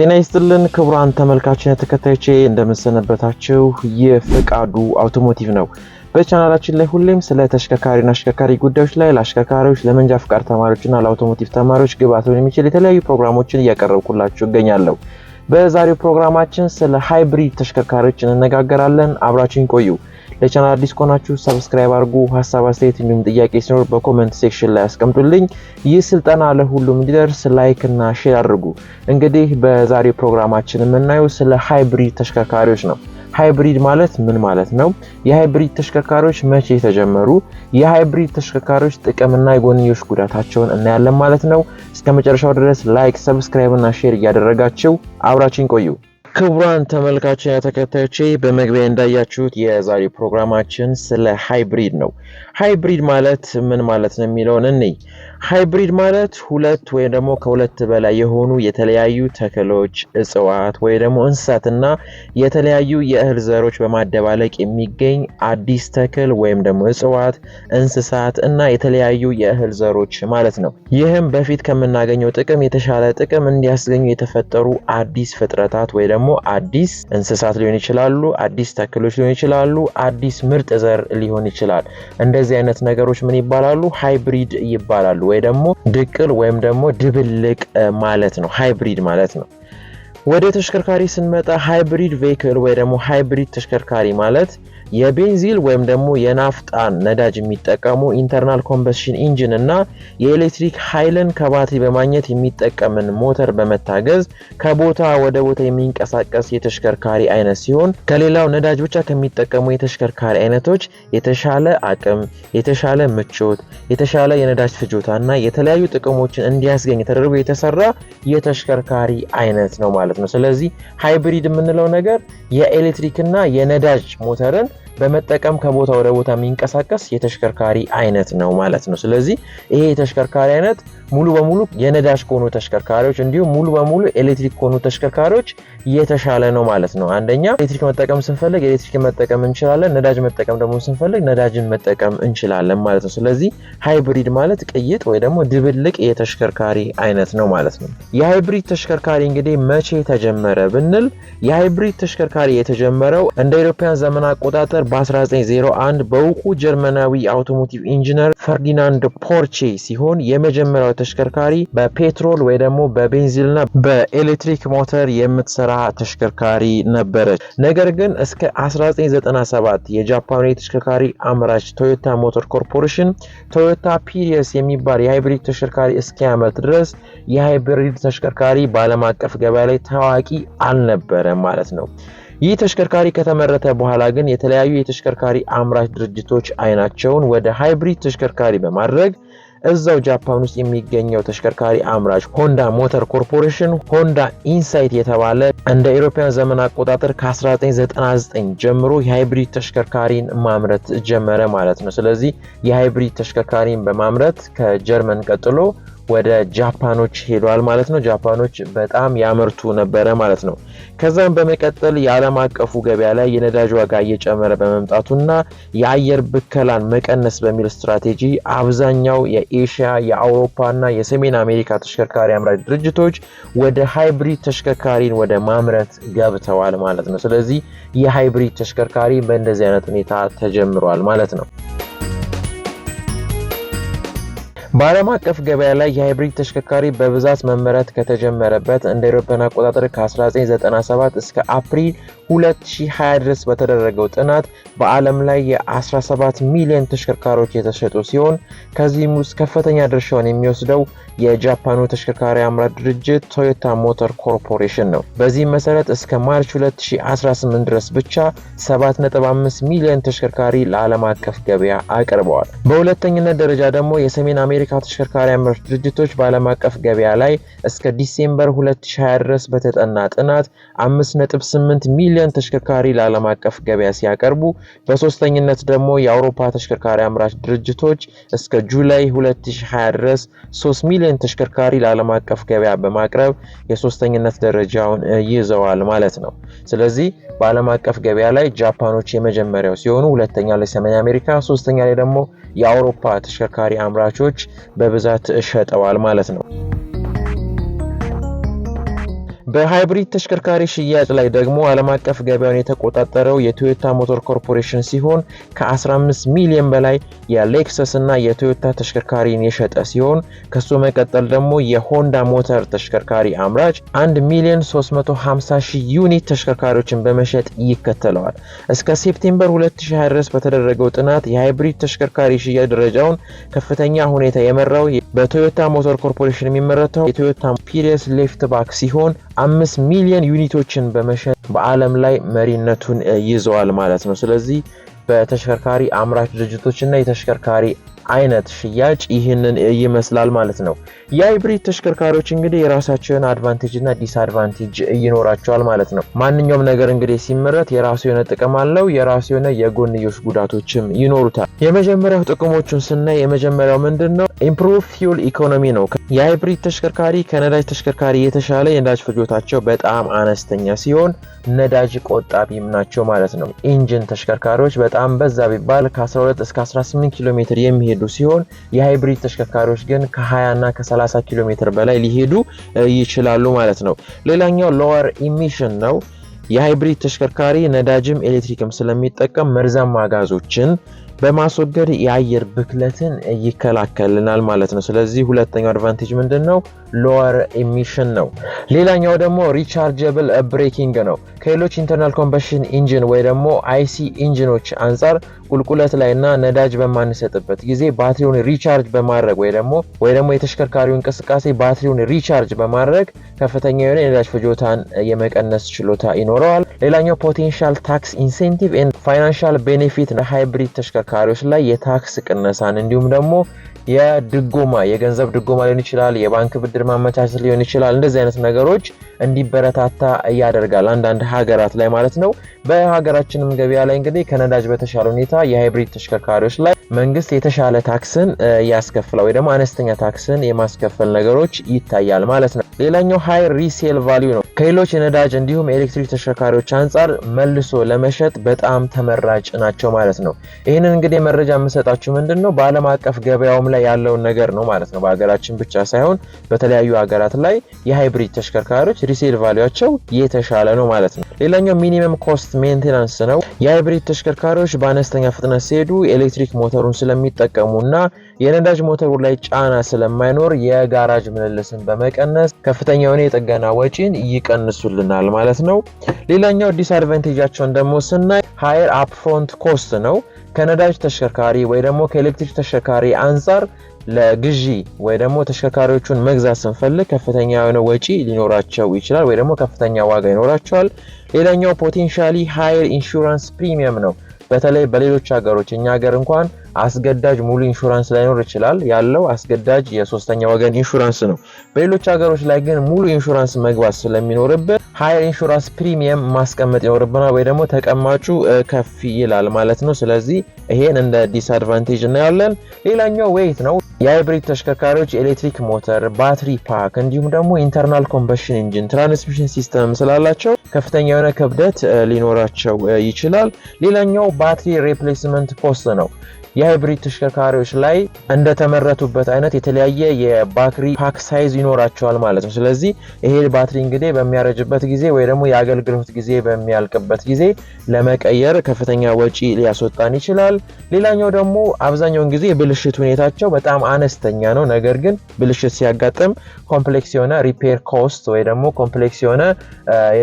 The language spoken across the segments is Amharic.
ጤና ይስጥልን ክቡራን ተመልካችን ተከታዮቼ፣ እንደምንሰነበታችሁ የፈቃዱ አውቶሞቲቭ ነው። በቻናላችን ላይ ሁሌም ስለ ተሽከርካሪና አሽከርካሪ ጉዳዮች ላይ ለአሽከርካሪዎች፣ ለመንጃ ፍቃድ ተማሪዎችና ለአውቶሞቲቭ ተማሪዎች ግብዓት ሊሆን የሚችል የተለያዩ ፕሮግራሞችን እያቀረብኩላችሁ እገኛለሁ። በዛሬው ፕሮግራማችን ስለ ሃይብሪድ ተሽከርካሪዎች እንነጋገራለን። አብራችን ቆዩ። ለቻናል አዲስ ከሆናችሁ ሰብስክራይብ አድርጉ። ሀሳብ አስተያየት፣ እንዲሁም ጥያቄ ሲኖር በኮመንት ሴክሽን ላይ አስቀምጡልኝ ይህ ስልጠና ለሁሉም እንዲደርስ ላይክ እና ሼር አድርጉ። እንግዲህ በዛሬው ፕሮግራማችን የምናየው ስለ ሃይብሪድ ተሽከርካሪዎች ነው። ሃይብሪድ ማለት ምን ማለት ነው? የሃይብሪድ ተሽከርካሪዎች መቼ ተጀመሩ? የሃይብሪድ ተሽከርካሪዎች ጥቅምና የጎንዮሽ ጉዳታቸውን እናያለን ማለት ነው። እስከ መጨረሻው ድረስ ላይክ፣ ሰብስክራይብ እና ሼር እያደረጋችው አብራችን ቆዩ። ክቡራን ተመልካችን ተከታዮቼ በመግቢያ እንዳያችሁት የዛሬ ፕሮግራማችን ስለ ሃይብሪድ ነው። ሃይብሪድ ማለት ምን ማለት ነው የሚለውን እኔ ሃይብሪድ ማለት ሁለት ወይም ደግሞ ከሁለት በላይ የሆኑ የተለያዩ ተክሎች፣ እጽዋት ወይ ደግሞ እንስሳትና የተለያዩ የእህል ዘሮች በማደባለቅ የሚገኝ አዲስ ተክል ወይም ደግሞ እጽዋት፣ እንስሳት እና የተለያዩ የእህል ዘሮች ማለት ነው። ይህም በፊት ከምናገኘው ጥቅም የተሻለ ጥቅም እንዲያስገኙ የተፈጠሩ አዲስ ፍጥረታት ወይ ደግሞ ደግሞ አዲስ እንስሳት ሊሆን ይችላሉ፣ አዲስ ተክሎች ሊሆን ይችላሉ፣ አዲስ ምርጥ ዘር ሊሆን ይችላል። እንደዚህ አይነት ነገሮች ምን ይባላሉ? ሃይብሪድ ይባላሉ፣ ወይ ደግሞ ድቅል ወይም ደግሞ ድብልቅ ማለት ነው። ሃይብሪድ ማለት ነው። ወደ ተሽከርካሪ ስንመጣ ሃይብሪድ ቬክል ወይ ደግሞ ሃይብሪድ ተሽከርካሪ ማለት የቤንዚል ወይም ደግሞ የናፍጣ ነዳጅ የሚጠቀሙ ኢንተርናል ኮምበስሽን ኢንጂን እና የኤሌክትሪክ ኃይልን ከባትሪ በማግኘት የሚጠቀምን ሞተር በመታገዝ ከቦታ ወደ ቦታ የሚንቀሳቀስ የተሽከርካሪ አይነት ሲሆን ከሌላው ነዳጅ ብቻ ከሚጠቀሙ የተሽከርካሪ አይነቶች የተሻለ አቅም፣ የተሻለ ምቾት፣ የተሻለ የነዳጅ እና የተለያዩ ጥቅሞችን እንዲያስገኝ ተደርጎ የተሰራ የተሽከርካሪ አይነት ነው ማለት ነው። ስለዚህ ሃይብሪድ የምንለው ነገር የኤሌክትሪክና የነዳጅ ሞተርን በመጠቀም ከቦታ ወደ ቦታ የሚንቀሳቀስ የተሽከርካሪ አይነት ነው ማለት ነው። ስለዚህ ይሄ የተሽከርካሪ አይነት ሙሉ በሙሉ የነዳጅ ከሆኑ ተሽከርካሪዎች እንዲሁም ሙሉ በሙሉ ኤሌክትሪክ ከሆኑ ተሽከርካሪዎች የተሻለ ነው ማለት ነው። አንደኛ ኤሌክትሪክ መጠቀም ስንፈልግ ኤሌክትሪክ መጠቀም እንችላለን። ነዳጅ መጠቀም ደግሞ ስንፈልግ ነዳጅን መጠቀም እንችላለን ማለት ነው። ስለዚህ ሃይብሪድ ማለት ቅይጥ ወይ ደግሞ ድብልቅ የተሽከርካሪ አይነት ነው ማለት ነው። የሃይብሪድ ተሽከርካሪ እንግዲህ መቼ ተጀመረ ብንል የሃይብሪድ ተሽከርካሪ የተጀመረው እንደ ኢሮፓያን ዘመን አቆጣጠር በ1901 በውቁ ጀርመናዊ አውቶሞቲቭ ኢንጂነር ፈርዲናንድ ፖርቼ ሲሆን የመጀመሪያው ተሽከርካሪ በፔትሮል ወይ ደግሞ በቤንዚልና በኤሌክትሪክ ሞተር የምትሰራ ተሽከርካሪ ነበረች። ነገር ግን እስከ 1997 የጃፓኑ የተሽከርካሪ አምራች ቶዮታ ሞተር ኮርፖሬሽን ቶዮታ ፒሪየስ የሚባል የሃይብሪድ ተሽከርካሪ እስኪያመርት ድረስ የሃይብሪድ ተሽከርካሪ በዓለም አቀፍ ገበያ ላይ ታዋቂ አልነበረም ማለት ነው። ይህ ተሽከርካሪ ከተመረተ በኋላ ግን የተለያዩ የተሽከርካሪ አምራች ድርጅቶች አይናቸውን ወደ ሃይብሪድ ተሽከርካሪ በማድረግ እዛው ጃፓን ውስጥ የሚገኘው ተሽከርካሪ አምራች ሆንዳ ሞተር ኮርፖሬሽን ሆንዳ ኢንሳይት የተባለ እንደ ኢሮፓያን ዘመን አቆጣጠር ከ1999 ጀምሮ የሃይብሪድ ተሽከርካሪን ማምረት ጀመረ ማለት ነው። ስለዚህ የሃይብሪድ ተሽከርካሪን በማምረት ከጀርመን ቀጥሎ ወደ ጃፓኖች ሄዷል ማለት ነው። ጃፓኖች በጣም ያመርቱ ነበረ ማለት ነው። ከዛም በመቀጠል የዓለም አቀፉ ገበያ ላይ የነዳጅ ዋጋ እየጨመረ በመምጣቱና የአየር ብከላን መቀነስ በሚል ስትራቴጂ አብዛኛው የኤሽያ የአውሮፓና የሰሜን አሜሪካ ተሽከርካሪ አምራች ድርጅቶች ወደ ሃይብሪድ ተሽከርካሪን ወደ ማምረት ገብተዋል ማለት ነው። ስለዚህ የሃይብሪድ ተሽከርካሪ በእንደዚህ አይነት ሁኔታ ተጀምሯል ማለት ነው። በዓለም አቀፍ ገበያ ላይ የሃይብሪድ ተሽከርካሪ በብዛት መመረት ከተጀመረበት እንደ ኤሮፓን አቆጣጠር ከ1997 እስከ አፕሪል 2020 ድረስ በተደረገው ጥናት በዓለም ላይ የ17 ሚሊዮን ተሽከርካሪዎች የተሸጡ ሲሆን ከዚህም ውስጥ ከፍተኛ ድርሻውን የሚወስደው የጃፓኑ ተሽከርካሪ አምራች ድርጅት ቶዮታ ሞተር ኮርፖሬሽን ነው። በዚህም መሰረት እስከ ማርች 2018 ድረስ ብቻ 7.5 ሚሊዮን ተሽከርካሪ ለዓለም አቀፍ ገበያ አቅርበዋል። በሁለተኝነት ደረጃ ደግሞ የሰሜን አሜሪካ የአሜሪካ ተሽከርካሪ አምራች ድርጅቶች በዓለም አቀፍ ገበያ ላይ እስከ ዲሴምበር 2020 ድረስ በተጠና ጥናት 5.8 ሚሊዮን ተሽከርካሪ ለዓለም አቀፍ ገበያ ሲያቀርቡ በሶስተኝነት ደግሞ የአውሮፓ ተሽከርካሪ አምራች ድርጅቶች እስከ ጁላይ 2020 ድረስ 3 ሚሊዮን ተሽከርካሪ ለዓለም አቀፍ ገበያ በማቅረብ የሶስተኝነት ደረጃውን ይዘዋል ማለት ነው። ስለዚህ በዓለም አቀፍ ገበያ ላይ ጃፓኖች የመጀመሪያው ሲሆኑ ሁለተኛ ሰሜን አሜሪካ፣ ሶስተኛ ላይ ደግሞ የአውሮፓ ተሽከርካሪ አምራቾች በብዛት ሸጠዋል ማለት ነው። በሃይብሪድ ተሽከርካሪ ሽያጭ ላይ ደግሞ ዓለም አቀፍ ገበያውን የተቆጣጠረው የቶዮታ ሞተር ኮርፖሬሽን ሲሆን ከ15 ሚሊዮን በላይ የሌክሰስ እና የቶዮታ ተሽከርካሪን የሸጠ ሲሆን ከሱ መቀጠል ደግሞ የሆንዳ ሞተር ተሽከርካሪ አምራች 1 ሚሊዮን 350 ሺህ ዩኒት ተሽከርካሪዎችን በመሸጥ ይከተለዋል። እስከ ሴፕቴምበር 2020 ድረስ በተደረገው ጥናት የሃይብሪድ ተሽከርካሪ ሽያጭ ደረጃውን ከፍተኛ ሁኔታ የመራው በቶዮታ ሞተር ኮርፖሬሽን የሚመረተው የቶዮታ ፒሪየስ ሌፍትባክ ሲሆን አምስት ሚሊዮን ዩኒቶችን በመሸጥ በዓለም ላይ መሪነቱን ይዘዋል ማለት ነው። ስለዚህ በተሽከርካሪ አምራች ድርጅቶች እና የተሽከርካሪ አይነት ሽያጭ ይህንን ይመስላል ማለት ነው። የሃይብሪድ ተሽከርካሪዎች እንግዲህ የራሳቸውን አድቫንቴጅ እና ዲስአድቫንቴጅ ይኖራቸዋል ማለት ነው። ማንኛውም ነገር እንግዲህ ሲመረት የራሱ የሆነ ጥቅም አለው፣ የራሱ የሆነ የጎንዮሽ ጉዳቶችም ይኖሩታል። የመጀመሪያው ጥቅሞቹን ስናይ የመጀመሪያው ምንድን ነው? ኢምፕሩቭ ፊውል ኢኮኖሚ ነው። የሃይብሪድ ተሽከርካሪ ከነዳጅ ተሽከርካሪ የተሻለ የነዳጅ ፍጆታቸው በጣም አነስተኛ ሲሆን ነዳጅ ቆጣቢም ናቸው ማለት ነው። ኢንጂን ተሽከርካሪዎች በጣም በዛ ቢባል ከ12 እስከ 18 ኪሎ ሜትር የሚሄዱ የሚሄዱ ሲሆን የሃይብሪድ ተሽከርካሪዎች ግን ከ20 እና ከ30 ኪሎ ሜትር በላይ ሊሄዱ ይችላሉ ማለት ነው። ሌላኛው ሎወር ኢሚሽን ነው። የሃይብሪድ ተሽከርካሪ ነዳጅም ኤሌክትሪክም ስለሚጠቀም መርዛማ ጋዞችን በማስወገድ የአየር ብክለትን ይከላከልናል ማለት ነው። ስለዚህ ሁለተኛው አድቫንቴጅ ምንድን ነው? ሎወር ኢሚሽን ነው። ሌላኛው ደግሞ ሪቻርጀብል ብሬኪንግ ነው። ከሌሎች ኢንተርናል ኮምበሽን ኢንጂን ወይ ደግሞ አይሲ ኢንጂኖች አንጻር ቁልቁለት ላይና ነዳጅ በማንሰጥበት ጊዜ ባትሪውን ሪቻርጅ በማድረግ ወይ ደግሞ ወይ ደግሞ የተሽከርካሪው እንቅስቃሴ ባትሪውን ሪቻርጅ በማድረግ ከፍተኛ የሆነ የነዳጅ ፍጆታን የመቀነስ ችሎታ ይኖረዋል። ሌላኛው ፖቴንሻል ታክስ ኢንሴንቲቭ ኤንድ ፋይናንሻል ቤኔፊት ሃይብሪድ ተሽከርካሪዎች ላይ የታክስ ቅነሳን እንዲሁም ደግሞ የድጎማ የገንዘብ ድጎማ ሊሆን ይችላል፣ የባንክ ብድር ማመቻቸት ሊሆን ይችላል። እንደዚህ አይነት ነገሮች እንዲበረታታ ያደርጋል አንዳንድ ሀገራት ላይ ማለት ነው። በሀገራችንም ገበያ ላይ እንግዲህ ከነዳጅ በተሻለ ሁኔታ የሃይብሪድ ተሽከርካሪዎች ላይ መንግስት የተሻለ ታክስን እያስከፍለ ወይ ደግሞ አነስተኛ ታክስን የማስከፈል ነገሮች ይታያል ማለት ነው። ሌላኛው ሀይ ሪሴል ቫሊዩ ነው። ከሌሎች የነዳጅ እንዲሁም ኤሌክትሪክ ተሽከርካሪዎች አንጻር መልሶ ለመሸጥ በጣም ተመራጭ ናቸው ማለት ነው። ይህንን እንግዲህ መረጃ የምሰጣችሁ ምንድን ነው በአለም አቀፍ ገበያውም ላይ ላይ ያለውን ነገር ነው ማለት ነው። በሀገራችን ብቻ ሳይሆን በተለያዩ ሀገራት ላይ የሃይብሪድ ተሽከርካሪዎች ሪሴል ቫሊያቸው የተሻለ ነው ማለት ነው። ሌላኛው ሚኒመም ኮስት ሜንቴናንስ ነው። የሃይብሪድ ተሽከርካሪዎች በአነስተኛ ፍጥነት ሲሄዱ ኤሌክትሪክ ሞተሩን ስለሚጠቀሙና የነዳጅ ሞተሩ ላይ ጫና ስለማይኖር የጋራጅ ምልልስን በመቀነስ ከፍተኛ የሆነ የጥገና ወጪን ይቀንሱልናል ማለት ነው። ሌላኛው ዲስአድቫንቴጃቸውን ደግሞ ስናይ ሃየር አፕፍሮንት ኮስት ነው። ከነዳጅ ተሽከርካሪ ወይ ደግሞ ከኤሌክትሪክ ተሽከርካሪ አንጻር ለግዢ ወይ ደግሞ ተሽከርካሪዎቹን መግዛት ስንፈልግ ከፍተኛ የሆነ ወጪ ሊኖራቸው ይችላል ወይ ደግሞ ከፍተኛ ዋጋ ይኖራቸዋል። ሌላኛው ፖቴንሻሊ ሃየር ኢንሹራንስ ፕሪሚየም ነው። በተለይ በሌሎች ሀገሮች እኛ ሀገር እንኳን አስገዳጅ ሙሉ ኢንሹራንስ ላይኖር ይችላል። ያለው አስገዳጅ የሶስተኛ ወገን ኢንሹራንስ ነው። በሌሎች ሀገሮች ላይ ግን ሙሉ ኢንሹራንስ መግባት ስለሚኖርብን ሀይር ኢንሹራንስ ፕሪሚየም ማስቀመጥ ይኖርብናል፣ ወይ ደግሞ ተቀማጩ ከፍ ይላል ማለት ነው። ስለዚህ ይሄን እንደ ዲስአድቫንቴጅ እናያለን። ሌላኛው ዌይት ነው። የሃይብሪድ ተሽከርካሪዎች ኤሌክትሪክ ሞተር፣ ባትሪ ፓክ እንዲሁም ደግሞ ኢንተርናል ኮምበሽን ኢንጂን፣ ትራንስሚሽን ሲስተም ስላላቸው ከፍተኛ የሆነ ክብደት ሊኖራቸው ይችላል። ሌላኛው ባትሪ ሪፕሌስመንት ኮስት ነው። የሃይብሪድ ተሽከርካሪዎች ላይ እንደተመረቱበት አይነት የተለያየ የባትሪ ፓክ ሳይዝ ይኖራቸዋል ማለት ነው። ስለዚህ ይሄ ባትሪ እንግዲህ በሚያረጅበት ጊዜ ወይ ደግሞ የአገልግሎት ጊዜ በሚያልቅበት ጊዜ ለመቀየር ከፍተኛ ወጪ ሊያስወጣን ይችላል። ሌላኛው ደግሞ አብዛኛውን ጊዜ ብልሽት ሁኔታቸው በጣም አነስተኛ ነው። ነገር ግን ብልሽት ሲያጋጥም ኮምፕሌክስ የሆነ ሪፔር ኮስት ወይ ደግሞ ኮምፕሌክስ የሆነ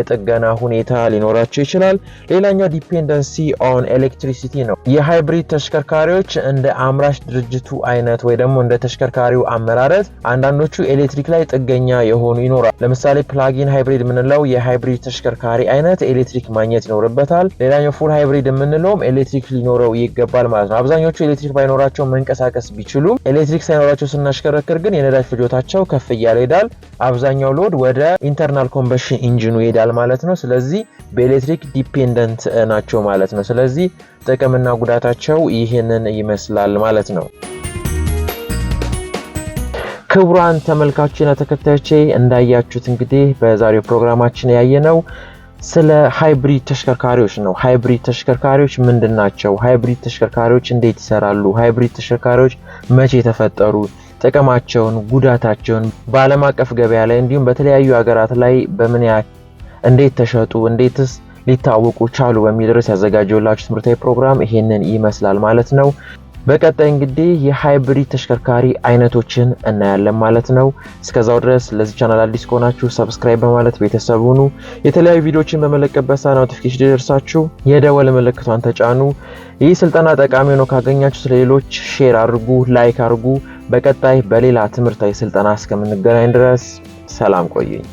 የጥገ የጥገና ሁኔታ ሊኖራቸው ይችላል። ሌላኛው ዲፔንደንሲ ኦን ኤሌክትሪሲቲ ነው። የሃይብሪድ ተሽከርካሪዎች እንደ አምራች ድርጅቱ አይነት ወይ ደግሞ እንደ ተሽከርካሪው አመራረት አንዳንዶቹ ኤሌክትሪክ ላይ ጥገኛ የሆኑ ይኖራል። ለምሳሌ ፕላጊን ሃይብሪድ የምንለው የሃይብሪድ ተሽከርካሪ አይነት ኤሌክትሪክ ማግኘት ይኖርበታል። ሌላኛው ፉል ሃይብሪድ የምንለውም ኤሌክትሪክ ሊኖረው ይገባል ማለት ነው። አብዛኞቹ ኤሌክትሪክ ባይኖራቸው መንቀሳቀስ ቢችሉም ኤሌክትሪክ ሳይኖራቸው ስናሽከረክር ግን የነዳጅ ፍጆታቸው ከፍ እያለ ይሄዳል። አብዛኛው ሎድ ወደ ኢንተርናል ኮምበሽን ኢንጂኑ ይሄዳል ማለት ነው። ነው። ስለዚህ በኤሌክትሪክ ዲፔንደንት ናቸው ማለት ነው። ስለዚህ ጥቅምና ጉዳታቸው ይህንን ይመስላል ማለት ነው። ክቡራን ተመልካችና ተከታዮቼ እንዳያችሁት እንግዲህ በዛሬው ፕሮግራማችን ያየነው ስለ ሃይብሪድ ተሽከርካሪዎች ነው። ሃይብሪድ ተሽከርካሪዎች ምንድን ናቸው? ሃይብሪድ ተሽከርካሪዎች እንዴት ይሰራሉ? ሃይብሪድ ተሽከርካሪዎች መቼ ተፈጠሩ? ጥቅማቸውን፣ ጉዳታቸውን በዓለም አቀፍ ገበያ ላይ እንዲሁም በተለያዩ ሀገራት ላይ በምን ያ እንዴት ተሸጡ፣ እንዴትስ ሊታወቁ ቻሉ በሚል ርዕስ ያዘጋጀውላችሁ ትምህርታዊ ፕሮግራም ይሄንን ይመስላል ማለት ነው። በቀጣይ እንግዲህ የሃይብሪድ ተሽከርካሪ አይነቶችን እናያለን ማለት ነው። እስከዛው ድረስ ለዚህ ቻናል አዲስ ከሆናችሁ ሰብስክራይብ በማለት ቤተሰብ ሁኑ። የተለያዩ ቪዲዮችን በመለቀበት ሰዓት ኖቲፊኬሽን ደርሳችሁ የደወል ምልክቷን ተጫኑ። ይህ ስልጠና ጠቃሚ ሆኖ ካገኛችሁ ስለሌሎች ሼር አድርጉ፣ ላይክ አድርጉ። በቀጣይ በሌላ ትምህርታዊ ስልጠና እስከምንገናኝ ድረስ ሰላም ቆዩኝ።